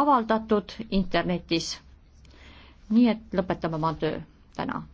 avaldatud internetis. nii et lõpetame oma töö täna